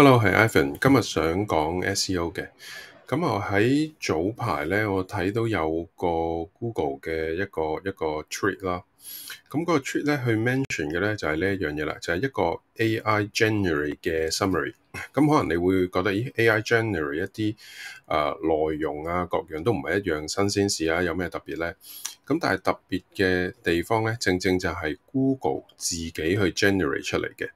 Hello，係 Ivan，今日想講 SEO 嘅，咁我喺早排咧，我睇到有個 Google 嘅一個一個 tweet 啦，咁嗰個 tweet 咧去 mention 嘅咧就係呢一樣嘢啦，就係、是就是、一個 AI generate 嘅 summary，咁可能你會覺得，咦，AI generate 一啲誒內容啊，各樣都唔係一樣新鮮事啊，有咩特別咧？咁但係特別嘅地方咧，正正就係 Google 自己去 generate 出嚟嘅。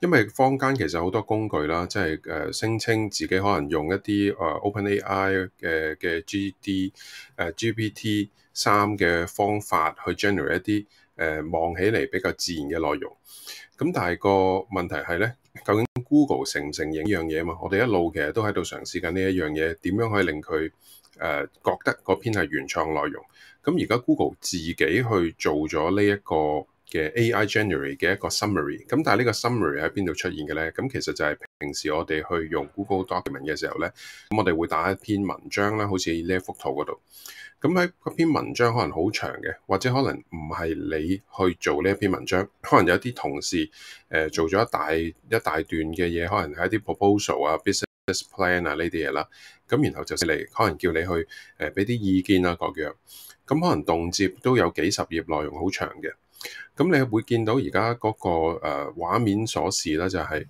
因為坊間其實好多工具啦，即係誒聲稱自己可能用一啲誒 OpenAI 嘅嘅 G D 誒 G P T 三嘅方法去 generate 一啲誒望起嚟比較自然嘅內容。咁但係個問題係咧，究竟 Google 承唔承影呢樣嘢啊？嘛，我哋一路其實都喺度嘗試緊呢一樣嘢，點樣可以令佢誒覺得個篇係原創內容？咁、嗯、而家 Google 自己去做咗呢一個。嘅 AI generate 嘅一個 summary 咁，但係呢個 summary 喺邊度出現嘅咧？咁其實就係平時我哋去用 Google Document 嘅時候咧，咁我哋會打一篇文章啦，好似呢一幅圖嗰度。咁喺篇文章可能好長嘅，或者可能唔係你去做呢一篇文章，可能有啲同事誒做咗一大一大段嘅嘢，可能係一啲 proposal 啊、business plan 啊呢啲嘢啦。咁然後就嚟可能叫你去誒俾啲意見啊各樣咁，可能動輒都有幾十頁內容，好長嘅。咁你會見到而家嗰個誒畫面所示咧，就係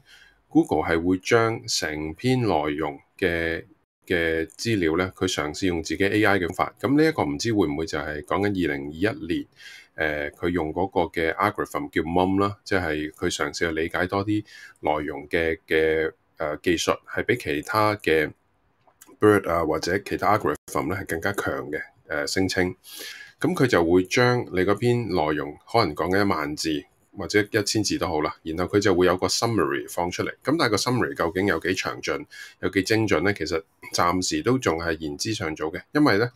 Google 係會將成篇內容嘅嘅資料咧，佢嘗試用自己 AI 嘅方法。咁呢一個唔知會唔會就係講緊二零二一年誒，佢、呃、用嗰個嘅 algorithm、um、叫 MUM、um, 啦，即係佢嘗試去理解多啲內容嘅嘅誒技術，係比其他嘅 Bird 啊或者其他 algorithm、um、咧係更加強嘅誒聲稱。咁佢就會將你嗰篇內容，可能講緊一萬字或者一千字都好啦，然後佢就會有個 summary 放出嚟。咁但係個 summary 究竟有幾詳盡，有幾精準呢？其實暫時都仲係言之尚早嘅，因為呢，誒、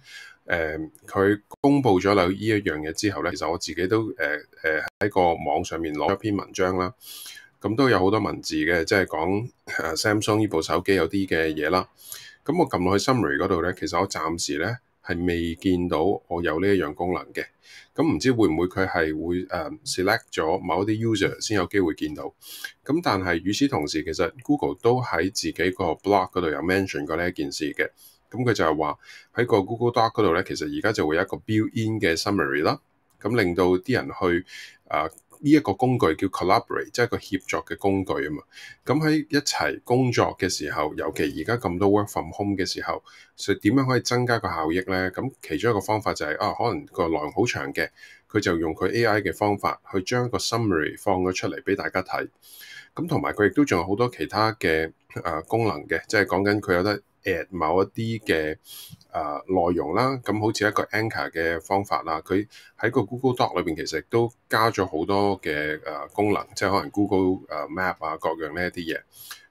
呃，佢公布咗呢一樣嘢之後呢，其實我自己都誒誒喺個網上面攞一篇文章啦，咁都有好多文字嘅，即係講 Samsung 呢部手機有啲嘅嘢啦。咁我撳落去 summary 嗰度呢，其實我暫時呢，係未見到我有呢一樣功能嘅，咁唔知會唔會佢係會誒 select 咗某一啲 user 先有機會見到，咁但係與此同時，其實 Google 都喺自己個 blog 度有 mention 過呢一件事嘅，咁佢就係話喺個 Google Doc 度咧，其實而家就會有一個 built-in 嘅 summary 啦，咁令到啲人去啊。呃呢一個工具叫 collaborate，即係個協作嘅工具啊嘛。咁喺一齊工作嘅時候，尤其而家咁多 work from home 嘅時候，實點樣可以增加個效益呢？咁其中一個方法就係、是、啊，可能個內容好長嘅，佢就用佢 AI 嘅方法去將個 summary 放咗出嚟俾大家睇。咁同埋佢亦都仲有好多其他嘅、呃、功能嘅，即係講緊佢有得。誒某一啲嘅啊內容啦，咁好似一個 anchor 嘅方法啦，佢喺個 Google Doc 裏邊其實都加咗好多嘅啊、呃、功能，即係可能 Google 啊 Map 啊各樣呢一啲嘢，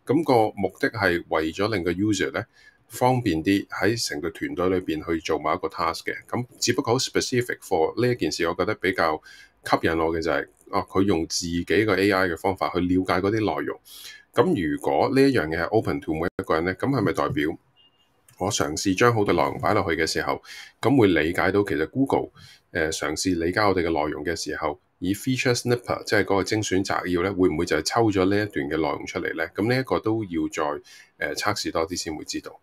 咁個目的係為咗令個 user 咧方便啲喺成個團隊裏邊去做某一個 task 嘅，咁只不過好 specific for 呢一件事，我覺得比較。吸引我嘅就係、是、哦，佢、啊、用自己個 A I 嘅方法去了解嗰啲內容。咁如果呢一樣嘢係 open to 每一個人咧，咁係咪代表我嘗試將好多內容擺落去嘅時候，咁會理解到其實 Google 誒嘗試理解我哋嘅內容嘅時候，以 feature snipper 即係嗰個精選摘要咧，會唔會就係抽咗呢一段嘅內容出嚟咧？咁呢一個都要再誒測試多啲先會知道。